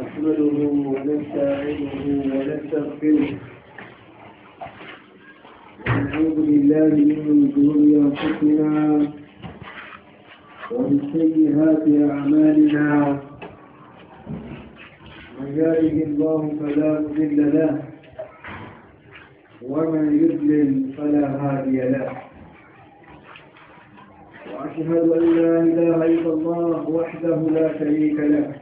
نحمده ونستعينه ونستغفره ونعوذ بالله من شرور انفسنا ومن سيئات اعمالنا من يهده الله فلا مضل له ومن يضلل فلا هادي له وأشهد أن لا إله إلا الله وحده لا شريك له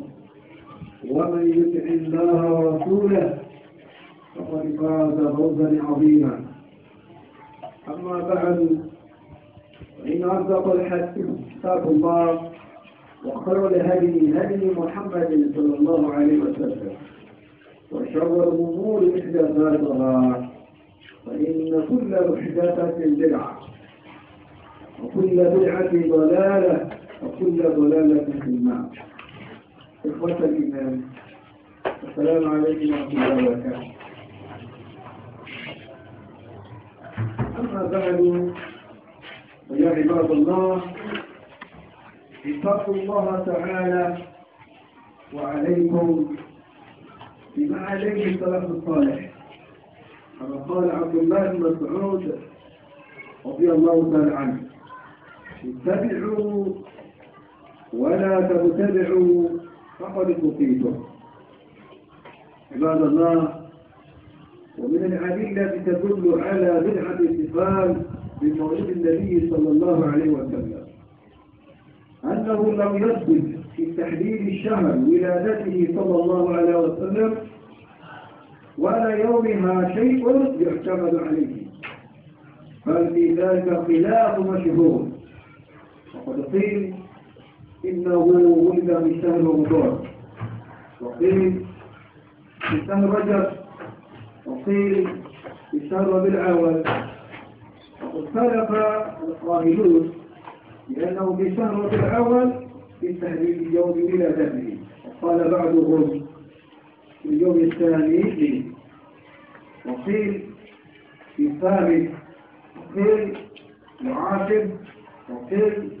ومن يطع الله ورسوله فقد فاز فوزا عظيما أما بعد فإن أصدق الحديث كتاب الله وخير لهدي هدي محمد صلى الله عليه وسلم وشر الأمور محدثاتها فإن كل محدثة بدعة وكل بدعة ضلالة وكل ضلالة في النار إخوة الإيمان السلام عليكم ورحمة الله وبركاته أما بعد فيا عباد الله اتقوا الله تعالى وعليكم بما عليه السلف الصالح كما قال عبد الله بن مسعود رضي الله تعالى عنه اتبعوا ولا تتبعوا فقد تفيده عباد الله ومن التي تدل على بدعة الاتصال بمعرض النبي صلى الله عليه وسلم أنه لم يصدق في تحديد الشهر ولادته صلى الله عليه وسلم ولا يومها شيء يعتمد عليه بل في ذلك خلاف مشهور وقد قيل إنه ولد في شهر رمضان وقيل في شهر رجب وقيل في شهر ربيع الأول وقد سلف القائلون لأنه في شهر ربيع الأول في تهديد إلى ذهبه وقال بعضهم في اليوم الثاني وقيل في ثالث وقيل يعاتب وقيل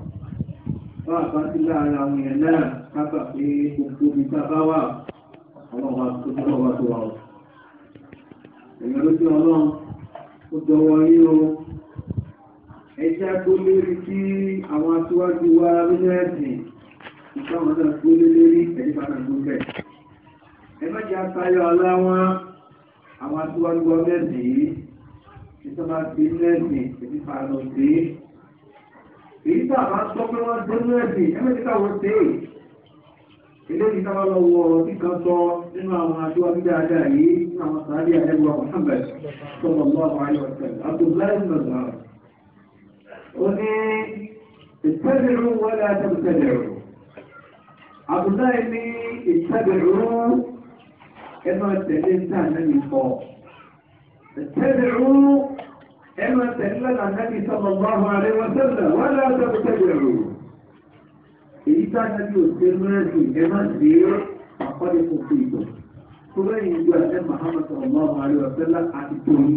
bá a bá sí láàárín àwọn èèyàn náà kábà pé gbogbo ibi tá a bá wà ọlọ́run wa tó tó wà tó wà ó. èèyàn ló dé ọlọ́run ó dọwọ́ yín o ẹjẹ́ agbólé rí kí àwọn aṣíwájú wa lójú ẹ̀sìn ìfáwọn náà gbólé lérí ẹ̀dí bàtà gbólé. ẹ má jẹ́ àtayọ ọlá àwọn aṣíwájú wa lẹ́sìn yìí ìjọba ti lẹ́sìn ẹ̀dí bàtà gbólé èyí tó àbá sọ pé wọ́n dẹ́nu ẹ̀sìn ẹ̀mẹ́tí káwọn ṣe é eléyìí táwọn lọ wọ ọtí kan sọ nínú àwọn aṣíwájú dáadáa yìí nínú àwọn sàádìí àdẹ́gbà Muhammad sọ̀rọ̀ lọ́wọ́ àwọn ayọ̀ ọ̀sẹ̀ Abdullahi nàzà ó ní ìtẹ́bìrú wọlé àtẹ̀bùtẹ̀bìrú Abdullahi ní ìtẹ́bìrú ẹnu ọ̀tẹ̀lé ń tà náà nìkọ́ ìtẹ́bìrú ẹnu ẹsẹ̀ ńlẹ́nà nẹ́bí sallallahu alaihi wasallam wọ́n lé ọ̀sẹ̀ tó tẹ̀lé o. èyí tá a nẹ́bí òṣè mẹ́rẹ́sì ẹ má dé àkọ́lé kò fi ìbọ̀. tó bẹ́ẹ̀ yìí ju àṣẹ Muhammad sallallahu alaihi wasallam àti tóyún.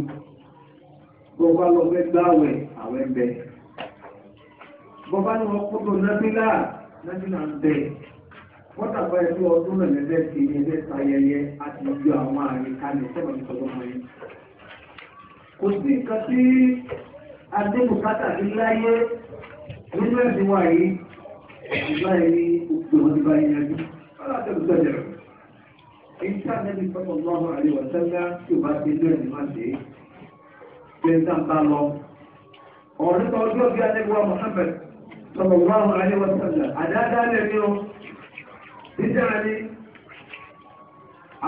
bọ́bá lọ fẹ́ gbáwẹ̀ àwẹ̀ bẹ̀. bọ́bá ni wọ́n kó tó nábìlà nábìlà ń bẹ̀. wọ́n dàgbà ẹ̀dú ọdún rẹ̀ lẹ́dẹ̀ẹ́sì ní ẹ̀dẹ́sayẹyẹ àti ìjọ àwọn àrèkalẹ̀ sẹ́wọ̀n kò sí nǹkan tí adébùkátà ní láyé nínú ẹ̀sìn wa yìí ìgbà yìí gbogbo wọn ti bá yẹn yanjú ọlọ́run àti ẹ̀sìn sọ̀jẹ̀ èyí tí àtẹ́bí sọ́kọ̀ lọ́wọ́ àríwá sẹ́ńdá tí ò bá ti inú ẹ̀sìn máa ṣe é ṣe ń bá lọ. sọ̀rọ̀ àríwá sẹ́ńdá ní o ni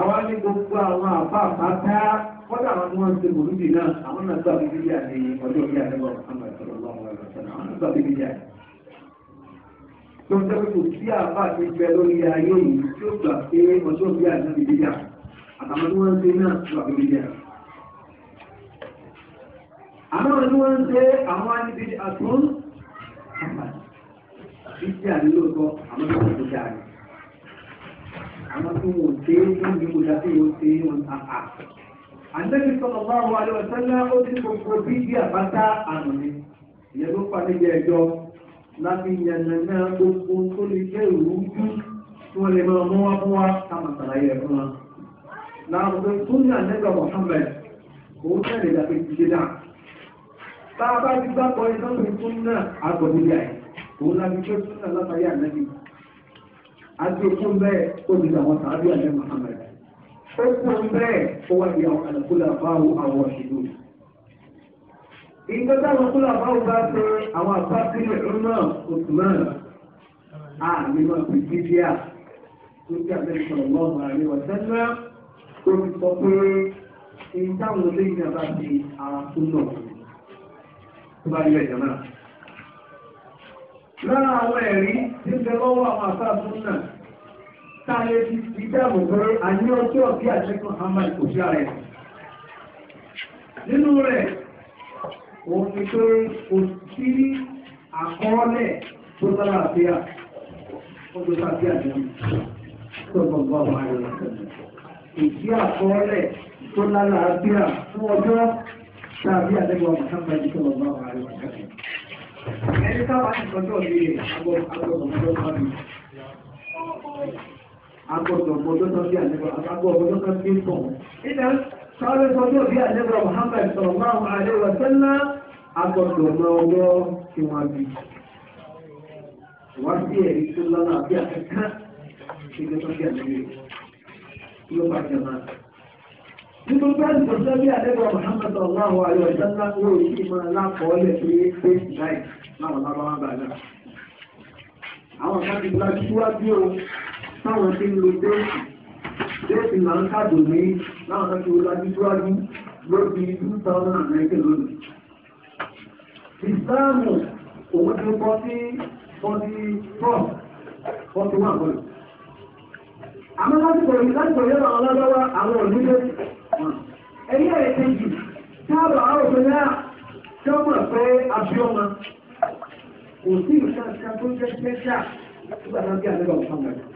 àwọn ní gbogbo àwọn àbá kọ́dà àwọn tí wọ́n ń ṣe mòlúdì náà àwọn náà gbà bíbí yà ní ọjọ́ ìyá nígbà Muhammad sallallahu alaihi wasallam àwọn náà gbà bíbí yà. tó ń tẹ́wé kò sí àbá àti ìfẹ́ lórí ayé yìí tí ó gbà pé ọjọ́ ìyá náà bíbí yà àtàwọn tí wọ́n ń ṣe náà gbà bíbí yà. àwọn tí wọ́n ń ṣe àwọn anibi àtún bíbí àní lóòótọ́ àwọn àǹtẹ́bí sọ̀rọ̀ bá wà lọ sẹ́lá ó ti gbogbo bíbí àbáta àmì ni ìyẹn ló fa níjẹ ẹjọ́ láti yànnàná gbogbo tó lè jẹ́ ìrújú tí wọ́n lè máa mú wá fún wa táwọn àtàlàyé ẹ̀ wa. láàrùn pé tó ní àǹtẹ́bí Muhammad òun náà lè dàbí ti ṣe dáa. tá a bá ti gbàgbọ́ iná pé tó ní àgbọ̀ níbi àyè òun láti tó ní àlàfàyè àǹtẹ́bí. a ti kún bẹ́ẹ̀ ó ti dàwọn sàábì àǹtẹ́bí Muhammad ó kún bẹ́ẹ̀ ó wà ní àwọn àlùkùlà báwo àwọn òṣèlú. ìgbà táwọn kúlà báwo bá ṣe àwọn àbá sílẹ̀ ọ̀nà Usman àmì máa fi dídí à tó ti àbẹ̀sọ̀ lọ́wọ́ àríwá sẹ́lẹ̀ tó fi sọ pé ìtàwọn olóyìn náà bá di ara tó lọ tó bá yọ ẹ̀jọ̀ náà. lára àwọn ẹ̀rí tí ń bẹ lọ́wọ́ àwọn àbá tó táyé ti fi dáàbò pé a ní ọjọ́ bí àṣẹ́kùn hamad kò sí ara ẹ̀. nínú rẹ̀ òun ni pé kò sí àkọọ́lẹ̀ tó sára àbíyà ó tó sára àbíyà ní tó gbọ̀ngbọ̀n àwọn àyẹ̀wò sẹ́yìn. ìdí àkọọ́lẹ̀ tó lára àbíyà fún ọjọ́ tàbí àdẹ́gbọ̀n Muhammad tó gbọ̀ngbọ̀n àwọn àyẹ̀wò sẹ́yìn. ẹni táwọn àti ìtọ́jú ọ̀gbìn àgbọ̀n àgbọ̀n ọ̀gbọ̀n ọ̀gbọ̀n agbọ̀dọ̀gbọ̀ tó tọ́ bí àlẹ́bọ̀ agbọ̀dọ̀ tó tọ́ bí pọ̀. Ìdá sáré tọ́jú bí àlẹ́bọ̀ Muhammad sọ̀rọ̀ máa wà ní ọ̀sẹ́lá agbọ̀dọ̀ mọ ọwọ́ tí wọ́n bí. Wá sí ẹ̀rí tó lọ́la bí àkẹ́kẹ́ tí ó Muhammad sọ̀rọ̀ máa wà ní ọ̀sẹ́lá ó sì máa lápọ̀ọ́lẹ̀ pé pé láì láwọn lábáwá bàdà. Àwọn kan ti gba síwájú o táwọn tí ń lo déètì déètì máa ń kàdùn ní láwọn tó ti wo lájú síwájú lóbi two thousand and nineteen lónìí. ìsáàmù òun ti kọ́ sí forty four forty one lónìí. àmọ́ lásìkò yìí lásìkò yìí lọ́wọ́ lọ́wọ́ àwọn òdúdé ẹ̀yẹ́ ẹ̀ kejì táàbà àwọn òfin náà tọ́mọ̀ pé abíọ́mọ kò sí ìṣàkóso jẹ́ pẹ́ṣà nígbà náà bí àlẹ́ bá wọ́n fáwọn ẹ̀kọ́.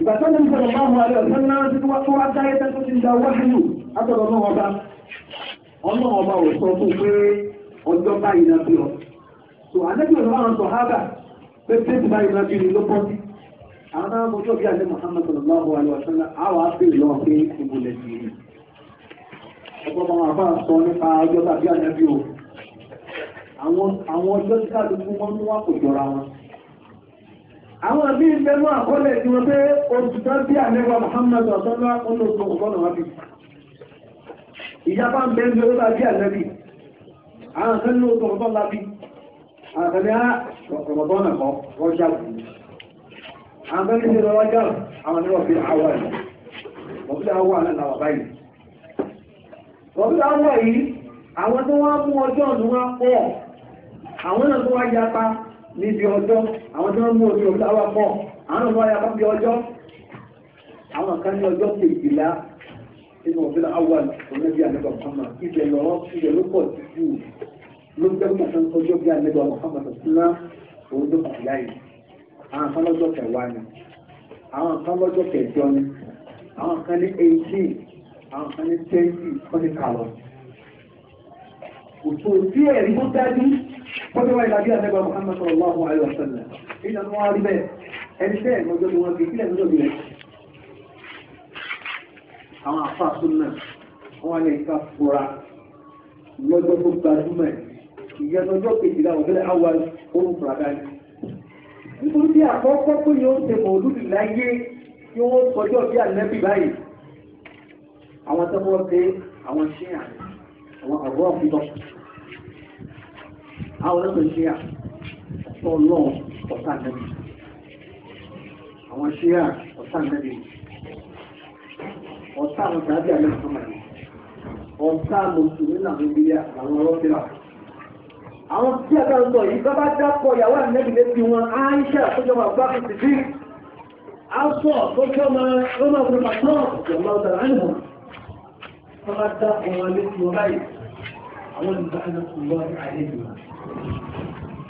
ìgbà tó ní sọ̀rọ̀ máa mú alẹ́ ọ̀sán náà tí wọ́n tó wá tẹ́tọ́ ti da wáyù látọ̀dọ̀ náà ọba ọlọ́run ọba ò sọ fún pé ọjọ́ báyìí náà so àlejò ìlú àwọn sọ̀hábà pé tẹ́tì báyìí náà bí ni ló pọ́ sí àwọn náà mojú Muhammad sallallahu alaihi wa sí àwọn àwọn bí ń bẹnu àkọọ́lẹ̀ tí wọ́n pé oṣù tán bí àlẹ́wà Muhammadu ọ̀sánlá olóògbé ọ̀gbọ́nà wábí ìjábá ń bẹnu lórí lábí àlẹ́bí àwọn kan ló tó ọ̀gbọ́n lábí àkàlẹ́ ọ̀gbọ́nà kan rọ́jà wù àwọn kan ní ṣe ah, rọ́jà àwọn ní wọ́n fi àwọ̀ ẹ̀ wọ́n fi àwọ̀ àlẹ́ làwà báyìí wọ́n fi àwọ̀ yìí àwọn tó wá mú ọjọ́ ọ̀nù wá pọ̀ àwọn náà tó wá yapa níbi ọjọ́ àwọn tí wọ́n mú omi òun láwà pọ̀ àwọn ọmọ ya kọ́bí ọjọ́ àwọn kan ní ọjọ́ kejìlá nínú ọ̀bílà awà ọ̀nàbí àlẹ́bà Muhammad ibẹ̀ lọ́wọ́ ibẹ̀ ló pọ̀ sí jù ló jẹ́ mọ̀ fẹ́ ọjọ́ bí àlẹ́bà Muhammad ṣùgbọ́n òun ló kàn láyé àwọn kan lọ́jọ́ kẹwàá ni àwọn kan lọ́jọ́ kẹjọ ni àwọn kan ní eighteen àwọn kan ní twenty kan ní kàlọ́ kò tó sí ẹ̀rí tó dájú kọ́jọ́ wáyé lábí àlẹ́bà Muhammad sallallahu alaihi wa sallam nínú àwọn wá rí bẹ́ẹ̀ ẹni bẹ́ẹ̀ lọ́jọ́ ni wọ́n fi kílẹ̀ lọ́jọ́ ni àwọn àfáà tó náà wọ́n wá ní ìka fura lọ́jọ́ tó gbajúmọ̀ ìyẹn lọ́jọ́ kejìlá òfin àwọn ohun fura dání. nítorí bí àkọ́kọ́ pé yóò ṣe mọ̀ olúdi láyé tí wọ́n kọjọ́ bí ànẹ́bí báyìí àwọn tó wọ́n àwọn ṣíyàn àwọn àbúrò àwọn ọ̀nà tó ṣíyàn. tọ́lọ́ ọ̀tá nẹ́bí àwọn ṣíà ọ̀tá nẹ́bí ọ̀tá àwọn tàbí àmì àmàlẹ́ ọ̀tá mùsùlùmí náà ló àwọn ọlọ́pìlà àwọn tí a bá ń sọ yìí bábá dápọ̀ ìyàwó ànẹ́bí létí wọn Aisha àtọ́jọba àgbáfi ti bí wọn wọn àwọn kò lọ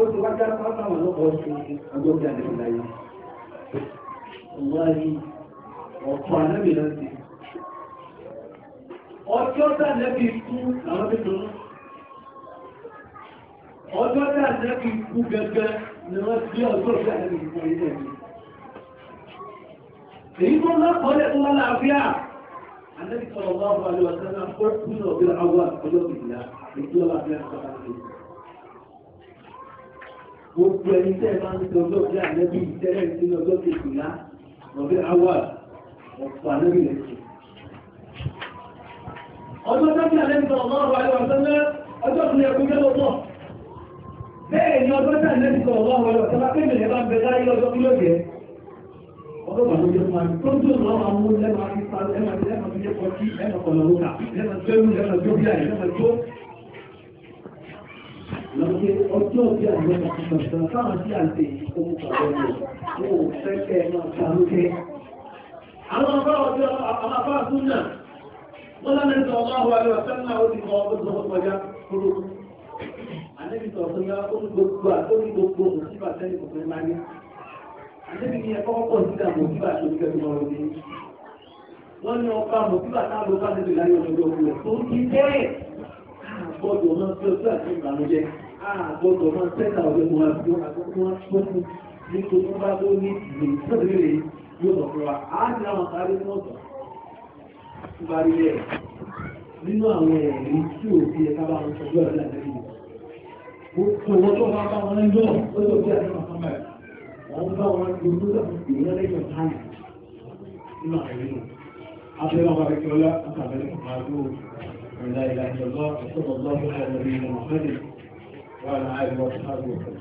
ó ti wájá pápá wọn lọ́pọ̀ sí ọjọ́ bí àdéhùn láyé wáyé ọ̀pọ̀ ànábì náà ti ọjọ́ tàbí ikú àwọn tó tó ọjọ́ tàbí ikú gẹ́gẹ́ ni wọ́n tí ọjọ́ tàbí ikú ilé ẹ̀mí èyí tó lọ́pọ̀lẹ̀ tó wọ́n láàáfíà ànábì sọ̀rọ̀ wọ́n wà lọ́wọ́ sẹ́nà ó kú ní ọ̀bí àwọn ọjọ́ ìgbìyà èyí tó láàáfíà gbogbo ẹni tẹ́ ẹ máa ń sọ lọ́ọ̀dí ànẹ́bí ìtẹ́lẹ̀ ìsinmi ọjọ́ kejìlá ọ̀dẹ́ awà ọ̀pọ̀ ànẹ́bí rẹ̀ sí. ọjọ́ tẹ́bí ànẹ́bí sọ ọmọ ọ̀rọ̀ ayọ̀ ọ̀sẹ́lẹ̀ ọjọ́ tó yẹ kó jẹ́ lọ́tọ̀. bẹ́ẹ̀ ni ọjọ́ tẹ́ ànẹ́bí sọ ọmọ ọ̀rọ̀ ọ̀sẹ́lẹ̀ pé mìíràn bá ń bẹ láyé ọjọ́ kí ló jẹ́. ọjọ́ bàbá ọjọ́ máa tó ń tó lọ́wọ́ àwọn ọmọ ẹ̀ma ti sáré ẹ̀ma ti ẹ̀ma ti jẹ́ kọjí ẹ̀ma kọ̀ọ̀lọ́wọ́ lọ́pẹ́ ọjọ́ bí àwọn ọ̀sán sáwọn tí a lè ohun pàdánù ó fẹ́kẹ́ máa ta àwọn afá ọjọ́ àwọn tún náà wọ́n lọ́nà ìtọ́ ọlọ́wọ́ àlọ́ sẹ́nà ó ti kọ́ ọdún tó kọjá kúrò. àlébìtọ̀ ọ̀sán yá ó ní gbogbo àti gbogbo òsínbà sẹ́yìn kò fẹ́ máa ní. àlébì ni ẹ̀kọ́ pọ̀ síta mòsíbà tó ń kẹ́kọ̀ọ́ lọ wọ́n ní ọba mòsíbà táwọn ló bá ti gbọ́dọ̀ máa fi ọjọ́ àti ìbànújẹ́ àgbọ́dọ̀ máa tẹ́ta ọ̀rẹ́ wọn àti àgbọ́dọ̀ wọn ṣọ́kù nítorí wọn bá ló ní ìlú sọ́dọ̀ rẹ̀ yóò lọ fún wa á ní àwọn sáré ní ọ̀dọ̀ tó bá rí rẹ̀ nínú àwọn ẹ̀rí tí ò fi ẹ̀ka bá wọn sọ́jọ́ àti àtẹ́yìn gbogbo wọn tó bá bá wọn ń yọ lọ́dọ̀ bí àti màmá mẹ́ wọn bá wọn ń lo lọ́dọ̀ ìwé lẹ́yìn táyì nínú àìrí náà abẹ́rẹ́ wọn bá fi ọlá àtàbẹ́rẹ́ kò máa ولا إله إلا الله وصلى الله على نبينا محمد وعلى آله وأصحابه وسلم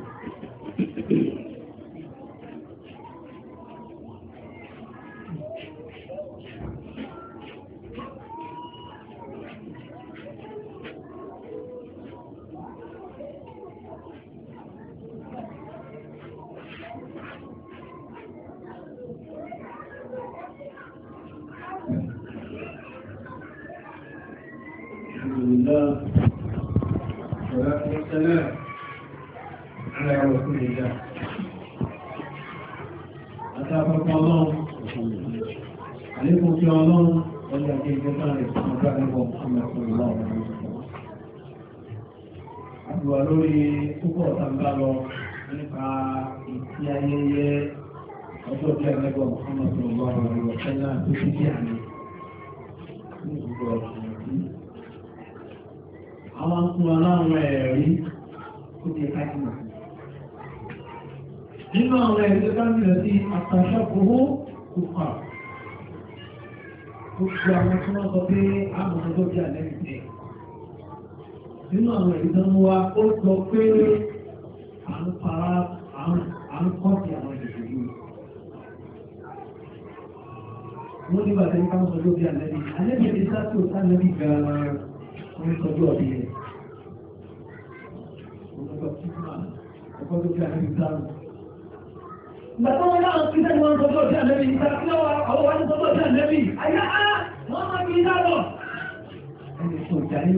wà lórí púpọ̀ tàǹbà lọ nípa ìtì ayẹyẹ ọjọ́ bí ẹgbẹ́gbọ́ ọmọ tó wà lórí ọ̀sẹ̀ náà tó fi dí àná. Àwọn fún wa láwọn ẹ̀rí tó ti ká sí màá. Nínú àwọn ẹ̀rí tó bá ń bẹ̀rẹ̀ sí àtàṣà kòwó kò kà. Gbogbo àwọn tí wọ́n sọ pé àwọn ọjọ́ bí àná nínú àwọn ìdánwò wa ó sọ pé à ń para à ń kọ́ọ̀tì àwọn ìdìbò yìí. wọ́n ní bàtà nípa sọ lóbi àlẹ́bí àlẹ́bí ti sáàtì òsà àlẹ́bí gan-an wọ́n sọjú ọ̀bí rẹ̀. Ẹ̀kọ́ tó fi àlẹ́bí sáàmù. Bàtà wọn náà ti sẹ́ni wọn sọjú ọ̀bí àlẹ́bí ìta kí wọ́n àwọn wá ní sọjú ọ̀bí àlẹ́bí. Àyà á wọ́n máa fi iná lọ. Ẹni tó jà rẹ̀.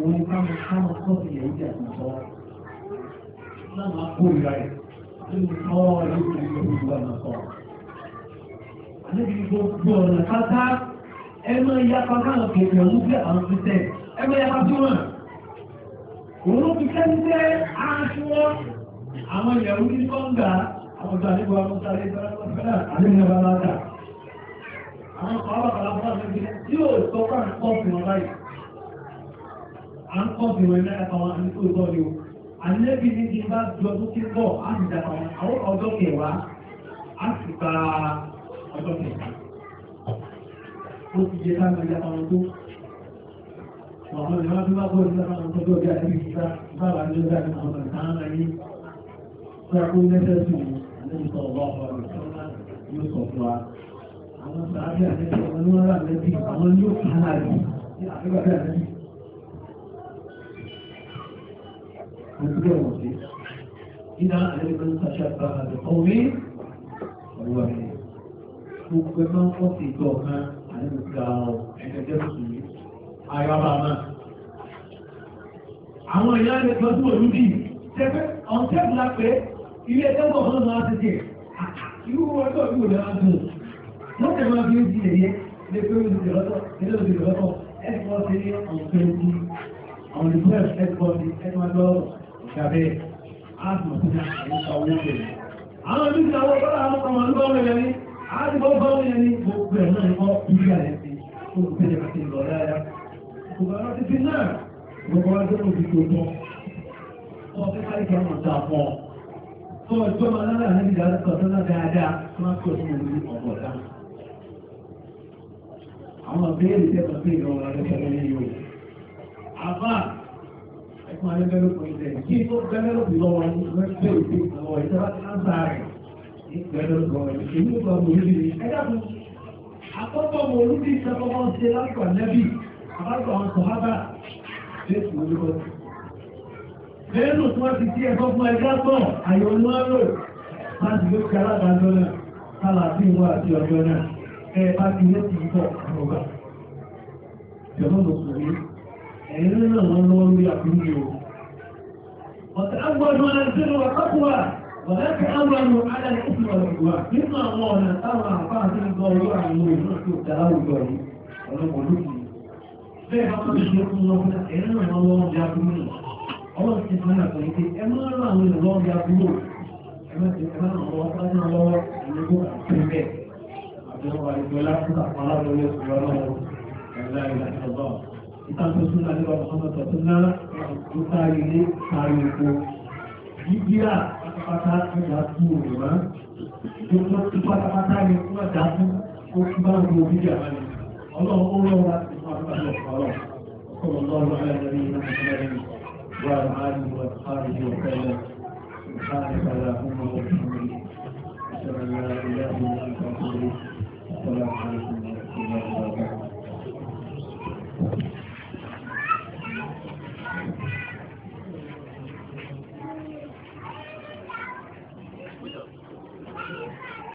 òun ni káwọn káwọn sọ́ọ̀tì yẹn jẹ́ àtúntọ́ láwọn akóríra ẹ̀ nínú tọ́ọ̀ lórí ìlú ìlú àná sọ. Àníbi gbogbo ọ̀nà pátá ẹ máa ya pátá àwọn kèèyàn ń gbé àwọn fífẹ́ ẹ máa ya pátá wọn. Òun ló fi kẹ́ńtẹ́ aṣọ àwọn ìyàwó ní kọ́ńgà àwọn ìgbà nígbà wọn sáré fẹ́rẹ́ àdéhùn ẹ̀bá láta. Àwọn ọ̀pọ̀ àwọn àbàlá fún àwọn ìgbìyànjú yóò sọ fún àwọn ọ̀pọ̀ ìwọ̀n báyìí à ń kọ́ bí wọn náà kan àti tó gbọ́ ni o ànẹ́bí ní ti bá jọ tó ti bọ̀ á sì dà wọn àwọn ọjọ́ kẹwàá á sì gba ọjọ́ kẹwàá ó ti yẹ káàmì ìyá kan tó àwọn ìwà tó bá bọ̀ nígbà kan tó gbọ́ bí àti ìfúta báwa ní ọjà ní àwọn ọ̀sán náà ní sọ́kún mẹ́sẹ̀sì ànẹ́bí sọ̀rọ̀ bá ọ̀rọ̀ yóò sọ fún wa àwọn sàábì ànẹ́bí ọmọ ní àwọn yóò kàn án àrí وكل المسلم إذا علم من تشبه بقوم هو منهم وكما قصي دوما عن المسلم عند جمسي أيضا àwọn ìyá rẹ̀ tọ́jú olúdí tẹ́fẹ́ ọ̀tẹ́bù lápẹ́ ilé ẹgbẹ́gbọ̀n kan máa ti jẹ́ irú ọjọ́ ìwò lè máa dùn wọ́n tẹ̀ máa fi ń di èyẹ lè pé olùdí lọ́tọ̀ ilé olùdí lọ́tọ̀ ẹ̀kọ́ sí ní ọ̀tẹ́bù àwọn ìfúnẹ̀ ẹ̀kọ́ sí ẹ̀kọ́ ìṣàbẹ̀ áàtùmọ̀ sí àyíká owó bẹ̀rẹ̀. Àwọn ìlú ìyàwó bọ́lá àwọn ọmọ ìlú ọmọ ìyẹn ni àti bọ́ bọ́ ìyẹn ni gbogbo ẹ̀ náà ni wọ́n bí àyẹ̀ sí tó ń tẹ̀lé àti ìlọ dáadáa. Gbogbo àwọn títí náà gbogbo wa dẹ́kun fi tó tọ́. Wọ́n fẹ́ káyé kí wọ́n ta pọ̀. Tó ìjọ́ máa lára àlejò àdúgbò tó náà dáadáa tó máa tó ìṣúná ní ọ̀pọ̀ dá. Àwọn àbẹ́yẹ̀ ẹ̀kún alẹ́gbẹ̀lópọ̀ ilẹ̀ kí tó gbẹ́lẹ́lópọ̀ lọ́wọ́ ní wẹ́pẹ́ òde ìtàwọ̀ ìjọba ti ń sáré ìgbẹ́lẹ́lópọ̀ èmi ò bá mo lórí ni. ẹ dákun àkọ́kọ́ mo lórí ìṣàkọ́kọ́ ṣe lásìkò ànẹ́bì àbájọ àwọn sọ̀hábà jésù olúkọ. lẹ́nu tí wọ́n ti di ẹ̀kọ́ fún ẹgbẹ́ tán àyọ̀ ní wọ́n lò láti ló ti alábàájọ náà kálá sí ìwọ àti ọjọ́ náà ẹ bá ti lé ti bọ̀ àwọn ọ̀gá. ìjọba mo sọ̀rọ̀ ẹ̀yìn náà wọ́n lọ́wọ́ lórí àpínlẹ̀ o ọ̀tá agbọ́dún aláìsílẹ̀ wà kọ́kùwà wọ̀lẹ́kì agbọ́dún aláìsílẹ̀ wà kọ́kùwà nínú àwọn ọ̀nà táwọn àpáà tí ń gbọ́ ọlọ́ àwọn òṣèlú tó dára òjò yìí ọlọ́pọ̀ ẹ̀rọ ìlànà ọlọ́wọ́ ìtàkùn súnà nípa Muhammad sọ̀túnà tó kárí ilé kárí oko. Yíyíra pátápátá ìjà kú òun wá. Ìjọba tí pátápátá ni wọ́n dá fún ó kí bá wo orí ìjà wọn. Ọlọ́run ó rọ̀ wá sí fún àgbà lọ sọ̀rọ̀. Ọkọ̀ lọ́rọ̀ ọ̀rẹ́ lórí iná ìṣẹ́lẹ̀ wà láàrin ìwà kárí ìwà tẹ́lẹ̀. سبحانك اللهم وبحمدك أشهد أن لا إله إلا أنت أستغفرك السلام عليكم ورحمة الله وبركاته